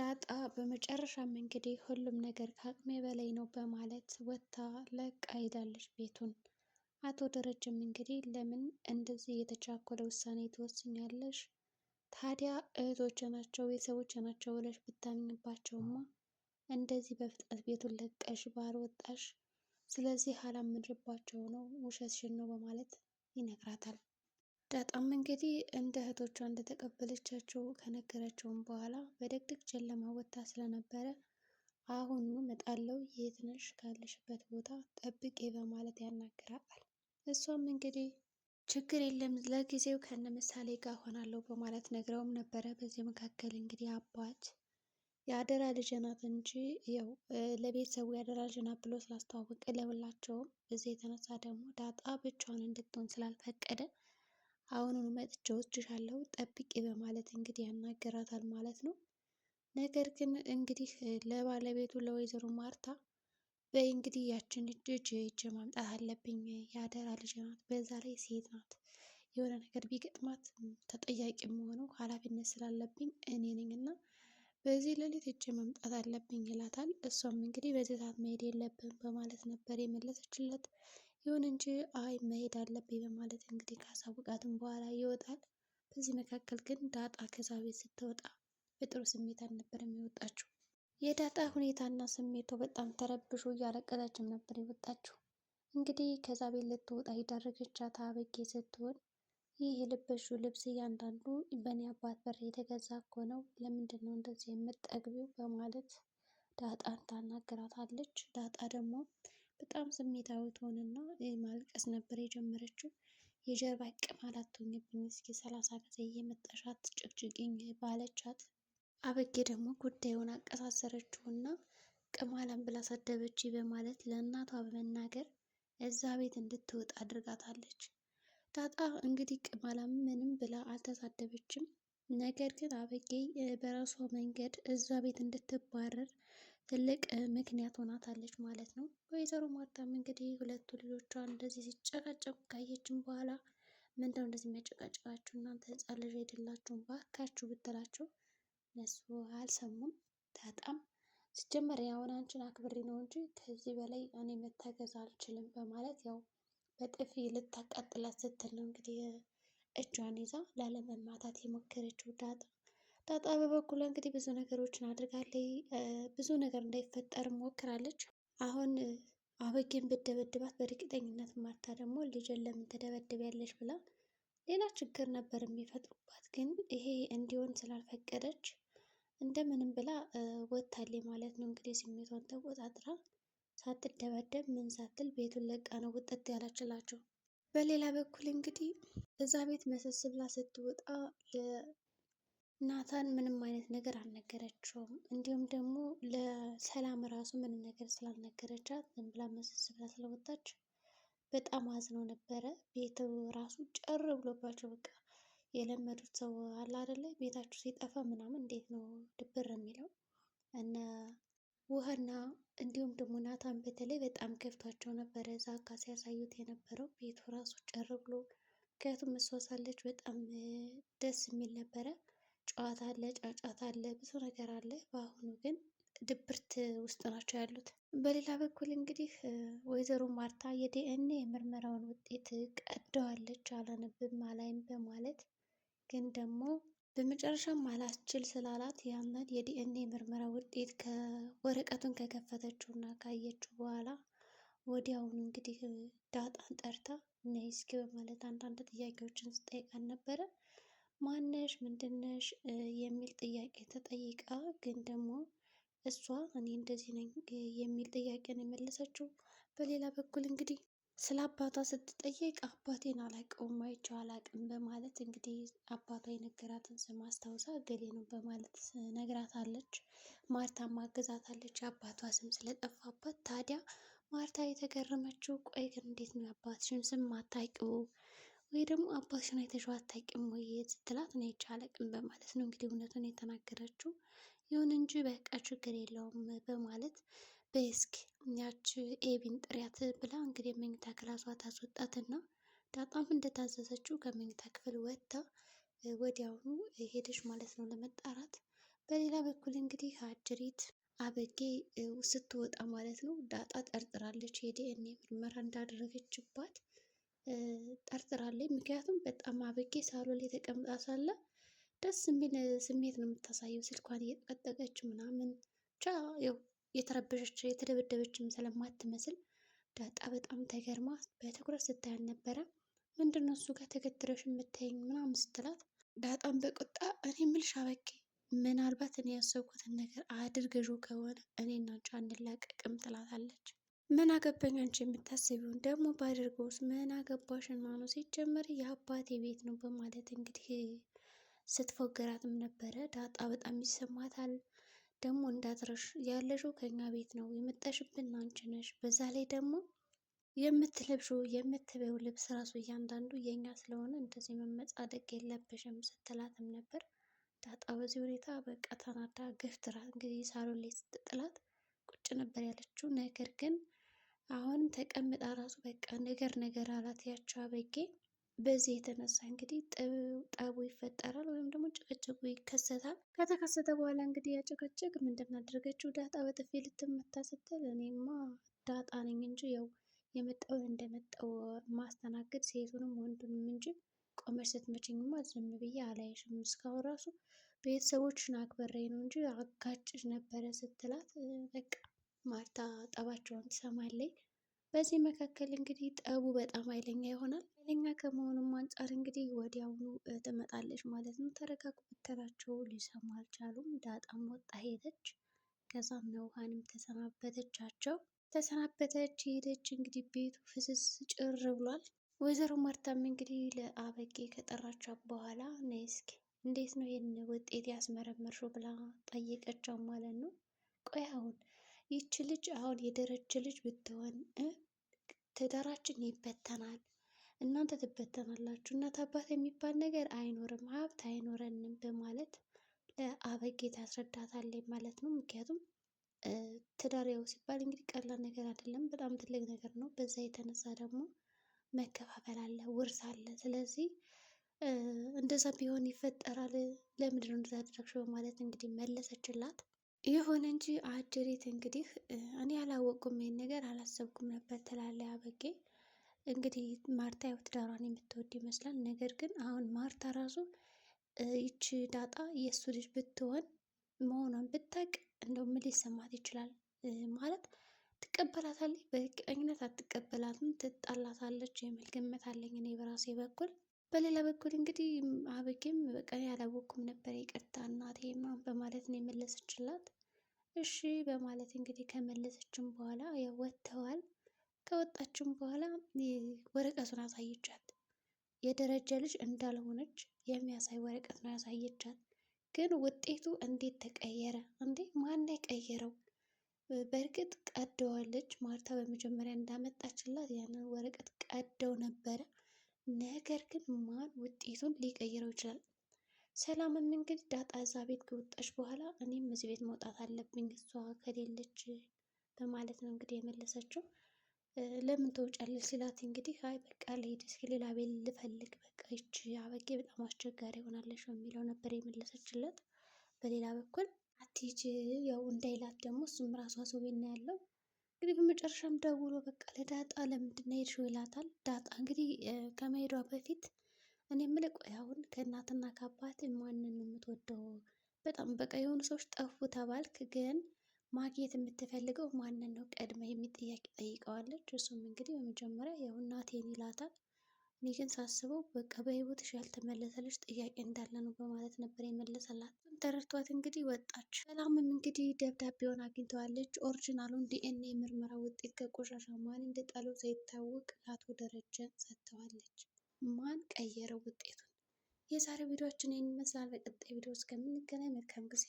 ዳጣ በመጨረሻም እንግዲህ ሁሉም ነገር ከአቅሜ በላይ ነው በማለት ወታ ለቃ ሄዳለች ቤቱን። አቶ ደረጀም እንግዲህ ለምን እንደዚህ የተቻኮለ ውሳኔ ትወስኛለሽ? ታዲያ እህቶች ናቸው የሰዎች ናቸው ብለሽ ብታምኝባቸውማ እንደዚህ በፍጥነት ቤቱን ለቀሽ ባህር ወጣሽ። ስለዚህ አላምንባቸው ነው ውሸትሽን ነው በማለት ይነግራታል። ዳጣም እንግዲህ እንደ እህቶቿ እንደተቀበለቻቸው ከነገረቸውም በኋላ በድቅድቅ ጨለማ ወጥታ ስለነበረ አሁኑ እመጣለሁ የት ነሽ ካለሽበት ቦታ ጠብቄ በማለት ያናግራታል። እሷም እንግዲህ ችግር የለም ለጊዜው ከነ ምሳሌ ጋር ሆናለሁ በማለት ነግረውም ነበረ። በዚህ መካከል እንግዲህ አባት የአደራ ልጅ ናት እንጂ ያው ለቤተሰቡ የአደራ ልጅ ናት ብሎ ስላስተዋወቀ ለሁላቸውም፣ እዚህ የተነሳ ደግሞ ዳጣ ብቻዋን እንድትሆን ስላልፈቀደ አሁኑን መጥቼ ወስድሻለሁ ጠብቂ በማለት እንግዲህ ያናገራታል ማለት ነው። ነገር ግን እንግዲህ ለባለቤቱ ለወይዘሮ ማርታ በይ እንግዲህ ያችን ልጅ ይዤ ማምጣት አለብኝ፣ የአደራ ልጅ ናት፣ በዛ ላይ ሴት ናት። የሆነ ነገር ቢገጥማት ተጠያቂ የምሆነው ኃላፊነት ስላለብኝ እኔ ነኝ እና በዚህ ሌሊት እጀ መምጣት አለብኝ ይላታል። እሷም እንግዲህ በዚህ ሰዓት መሄድ የለብን በማለት ነበር የመለሰችለት። ይሁን እንጂ አይ መሄድ አለብኝ በማለት እንግዲህ ካሳወቃትም በኋላ ይወጣል። በዚህ መካከል ግን ዳጣ ከዛ ቤት ስትወጣ በጥሩ ስሜት አልነበረም የወጣችው። የዳጣ ሁኔታና ስሜቱ በጣም ተረብሾ እያለቀሰችም ነበር የወጣችው። እንግዲህ ከዛ ቤት ልትወጣ የዳረገቻት አበጌ ስትሆን ይህ የለበሽው ልብስ እያንዳንዱ በእኔ አባት በር የተገዛ እኮ ነው፣ ለምንድን ነው እንደዚህ የምጠግቢው? በማለት ዳጣን ታናግራታለች። ዳጣ ደግሞ በጣም ስሜታዊ ትሆንና ማልቀስ ነበር የጀመረችው። የጀርባ ቅማል አትሆኝብኝ እስኪ ሰላሳ ጊዜ እየመጣሽ አትጨቅጭቅኝ ባለቻት አበጌ ደግሞ ጉዳዩን አቀሳሰረችውና ቅማላም ብላ ሰደበች በማለት ለእናቷ በመናገር እዛ ቤት እንድትወጣ አድርጋታለች። ዳጣ እንግዲህ ቅማላም ምንም ብላ አልተሳደበችም። ነገር ግን አበጌ በራሷ መንገድ እዛ ቤት እንድትባረር ትልቅ ምክንያት ሆናታለች ማለት ነው። ወይዘሮ ማርታም እንግዲህ ሁለቱ ልጆቿ እንደዚህ ሲጨቃጨቁ ካየችን በኋላ ምንድነው እንደዚህ የሚያጨቃጭቃችሁ እናንተ ህፃን ልጅ አይደላችሁም ባካችሁ ብትላቸው እነሱ አልሰሙም። በጣም ሲጀመር ያውን አንቺን አክብሬ ነው እንጂ ከዚህ በላይ እኔ መታገዝ አልችልም በማለት ያው በጥፊ ልታቃጥላት ስትል ነው እንግዲህ እጇን ይዛ ላለመማታት የሞከረችው ዳጣ ዳጣ በበኩሏ እንግዲህ ብዙ ነገሮችን አድርጋለች። ብዙ ነገር እንዳይፈጠርም ሞክራለች። አሁን አበጌን ብደበድባት በእርግጠኝነት ማርታ ደግሞ ልጅን ለምን ትደበድቢያለሽ ብላ ሌላ ችግር ነበር የሚፈጥሩባት። ግን ይሄ እንዲሆን ስላልፈቀደች እንደምንም ብላ ወታሌ ማለት ነው እንግዲህ ስሜቷን ተቆጣጥራ ሳትደበደብ ምን ሳትል ቤቱን ለቃ ነው ውጠት ያላችላቸው። በሌላ በኩል እንግዲህ እዛ ቤት መሰስ ብላ ስትወጣ ናታን ምንም አይነት ነገር አልነገረችውም። እንዲሁም ደግሞ ለሰላም ራሱ ምንም ነገር ስላልነገረቻት ዝም ብላ መዝዝ ብላ ስለወጣች በጣም አዝነው ነበረ። ቤት ራሱ ጭር ብሎባቸው በቃ የለመዱት ሰው አለ አደለ፣ ቤታቸው ሲጠፋ ምናምን እንዴት ነው ድብር የሚለው እነ ውሃና እንዲሁም ደግሞ ናታን በተለይ በጣም ከፍቷቸው ነበረ። እዛ ጋ ሲያሳዩት የነበረው ቤቱ ራሱ ጭር ብሎ ምክንያቱም እሷ ሳለች በጣም ደስ የሚል ነበረ። ጨዋታ አለ፣ ጫጫታ አለ፣ ብዙ ነገር አለ። በአሁኑ ግን ድብርት ውስጥ ናቸው ያሉት። በሌላ በኩል እንግዲህ ወይዘሮ ማርታ የዲኤንኤ የምርመራውን ውጤት ቀደዋለች አላነብም አላይም በማለት ግን ደግሞ በመጨረሻም አላስችል ስላላት ያንን የዲኤንኤ ምርመራ ውጤት ወረቀቱን ከከፈተችው እና ካየችው በኋላ ወዲያውኑ እንግዲህ ዳጣን ጠርታ ነይ እስኪ በማለት አንዳንድ ጥያቄዎችን ስጠይቃን ነበረ። ማነሽ ምንድነሽ የሚል ጥያቄ ተጠይቃ ግን ደግሞ እሷ እኔ እንደዚህ ነኝ የሚል ጥያቄ ነው የመለሰችው። በሌላ በኩል እንግዲህ ስለ አባቷ ስትጠየቅ አባቴን አላውቀውም አይቼው አላውቅም በማለት እንግዲህ አባቷ የነገራትን ስም አስታውሳ እገሌ ነው በማለት ነግራታለች። ማርታ ማገዛታለች የአባቷ ስም ስለጠፋባት። ታዲያ ማርታ የተገረመችው ቆይ ግን እንዴት ነው አባትሽን ስም አታውቂው ወይ ደግሞ አባትሽን አይተሽው አታውቂም ወይ ስትላት እኔ አይቼ አላውቅም በማለት ነው እንግዲህ እውነቱን የተናገረችው። ይሁን እንጂ በቃ ችግር የለውም በማለት በስክ ያች ኤቢን ጥሪያት ብላ እንግዲህ መኝታ ክላሷ ታስወጣትና ዳጣም እንደታዘዘችው ከመኝታ ክፍል ወጥታ ወዲያውኑ ሄደች ማለት ነው ለመጣራት። በሌላ በኩል እንግዲህ አጅሪት አበጌ ስትወጣ ማለት ነው ዳጣ ጠርጥራለች የዲኤንኤ ምርመራ እንዳደረገችባት ጠርጥራለች። ምክንያቱም በጣም አብቄ ሳሎን ላይ ተቀምጣ ሳለ ደስ የሚል ስሜት ነው የምታሳየው። ስልኳን እየጠቀጠቀች ምናምን ብቻ ያው የተረበሸች የተደበደበችም ስለማትመስል ዳጣ በጣም ተገርማ በትኩረት ስታያን ነበረ። ምንድነው እሱ ጋር ተገትረሽ የምታይኝ ምናምን ስትላት ዳጣም በቁጣ እኔ የምልሽ አበቄ ምናልባት እኔ ያሰብኩትን ነገር አድርገሽው ከሆነ እኔ እና አንላቀቅም ትላታለች። ምን አገባኝ አንቺ የምታስቢውን ደግሞ ባድርገውስ ምን አገባሽን ነው ሲጀመር የአባቴ ቤት ነው በማለት እንግዲህ ስትፎገራትም ነበረ። ዳጣ በጣም ይሰማታል። ደግሞ እንዳትረሽ ያለሽው ከኛ ቤት ነው የመጣሽብን አንቺ ነሽ። በዛ ላይ ደግሞ የምትለብሺው የምትበው ልብስ ራሱ እያንዳንዱ የኛ ስለሆነ እንደዚህ መመጻደቅ የለብሽም ስትላትም ነበር። ዳጣ በዚህ ሁኔታ በቃ ተናዳ ገፍትራት እንግዲህ ሳሎን ላይ ስትጥላት ቁጭ ነበር ያለችው ነገር ግን አሁንም ተቀምጣ ራሱ በቃ ነገር ነገር አላት ያቸው አበጌ። በዚህ የተነሳ እንግዲህ ጠቡ ይፈጠራል ወይም ደግሞ ጭቅጭቁ ይከሰታል። ከተከሰተ በኋላ እንግዲህ ያጭቅጭቅ ምንድን አደረገችው? ዳጣ በጥፊ ልትመታ ስትል እኔማ ዳጣ ነኝ እንጂ ያው የመጣውን እንደመጣው ማስተናገድ ሴቱንም ወንዱንም እንጂ ቆመች ስትመችኝማ ዝም ብዬ አላየሽም እስካሁን ራሱ ቤተሰቦችን አክበሬ ነው እንጂ አጋጭሽ ነበረ ስትላት በቃ ማርታ ጠባቸውን ትሰማለች። በዚህ መካከል እንግዲህ ጠቡ በጣም ኃይለኛ ይሆናል። ኃይለኛ ከመሆኑም አንጻር እንግዲህ ወዲያውኑ ትመጣለች ማለት ነው። ተረጋጉ ብትላቸው ሊሰሙ አልቻሉም። ዳጣም ወጣ ሄደች። ከዛም ነውሃንም ተሰናበተቻቸው። ተሰናበተች ሄደች። እንግዲህ ቤቱ ፍስስ ጭር ብሏል። ወይዘሮ ማርታም እንግዲህ ለአበቄ ከጠራቻት በኋላ ነይ እስኪ እንዴት ነው ይህን ውጤት ያስመረመርሽው ብላ ጠየቀቻው ማለት ነው። ቆይ አሁን ይች ልጅ አሁን የደረች ልጅ ብትሆን ትዳራችን ይበተናል፣ እናንተ ትበተናላችሁ፣ እናት አባት የሚባል ነገር አይኖርም፣ ሀብት አይኖረንም በማለት ለአበጌት ያስረዳታለች ማለት ነው። ምክንያቱም ትዳር ያው ሲባል እንግዲህ ቀላል ነገር አይደለም፣ በጣም ትልቅ ነገር ነው። በዛ የተነሳ ደግሞ መከፋፈል አለ፣ ውርስ አለ። ስለዚህ እንደዛ ቢሆን ይፈጠራል። ለምንድን ነው እንደዛ ያደረግሽው? በማለት እንግዲህ መለሰችላት። ይሁን እንጂ አጅሪት እንግዲህ እኔ ያላወቅኩም ይህን ነገር አላሰብኩም ነበር ትላለ አበጌ። እንግዲህ ማርታ ያው ትዳሯን የምትወድ ይመስላል። ነገር ግን አሁን ማርታ ራሱ ይቺ ዳጣ የእሱ ልጅ ብትሆን መሆኗን ብታቅ እንደው ምን ሊሰማት ይችላል? ማለት ትቀበላታለች፣ በእርግጠኝነት አትቀበላትም፣ ትጣላታለች የሚል ግምት አለኝ እኔ በራሴ በኩል። በሌላ በኩል እንግዲህ አብጌም በቃ ያላወኩም ነበር ይቅርታ እናቴማ በማለት ነው የመለሰችላት። እሺ በማለት እንግዲህ ከመለሰችም በኋላ ያው ወጥተዋል። ከወጣችም በኋላ ወረቀቱን አሳየቻት። የደረጀ ልጅ እንዳልሆነች የሚያሳይ ወረቀት ነው ያሳየቻት። ግን ውጤቱ እንዴት ተቀየረ እንዴ? ማን ነው የቀየረው? በእርግጥ ቀደዋለች። ማርታ በመጀመሪያ እንዳመጣችላት ያንን ወረቀት ቀደው ነበረ። ነገር ግን ማን ውጤቱን ሊቀይረው ይችላል? ሰላምም እንግዲህ ዳጣ እዛ ቤት ከወጣች በኋላ እኔም እዚህ ቤት መውጣት አለብኝ እሷ ከሌለች በማለት ነው እንግዲህ የመለሰችው። ለምን ትወጫለች ሲላት እንግዲህ አይ በቃ ልሂድ እስኪ ሌላ ቤት ልፈልግ በቃ ይቺ አበጌ በጣም አስቸጋሪ ሆናለች በሚለው ነበር የመለሰችለት። በሌላ በኩል አትሂጂ ያው እንዳይላት ደግሞ እሱም ራሷ ሰው ቤት ነው ያለው እንግዲህ በመጨረሻም ደውሎ በቃ ለዳጣ ለምንድን ነው የሄድሽው ይላታል። ዳጣ እንግዲህ ከመሄዷ በፊት እኔ ምልቅ አሁን ከእናትና ከአባት ማንን የምትወደው በጣም በቃ የሆኑ ሰዎች ጠፉ ተባልክ፣ ግን ማግኘት የምትፈልገው ማንን ነው ቀድመ የሚል ጥያቄ ጠይቀዋለች። እሱም እንግዲህ በመጀመሪያ ያው እናቴን ይላታል። እኔ ግን ሳስበው በቃ በህይወትሽ ያልተመለሰልሽ ጥያቄ እንዳለ ነው በማለት ነበር የመለሰላት። ተረድቷት እንግዲህ ወጣች። ሰላምም እንግዲህ ደብዳቤውን አግኝተዋለች። ኦሪጂናሉን ዲኤንኤ ምርመራ ውጤት ከቆሻሻ ማን እንደጣሉ ሳይታወቅ ለአቶ ደረጀ ሰጥተዋለች። ማን ቀየረው ውጤቱን? የዛሬ ቪዲዮችን ይህን ይመስላል። በቀጣይ ቪዲዮ እስከምንገናኝ መልካም ጊዜ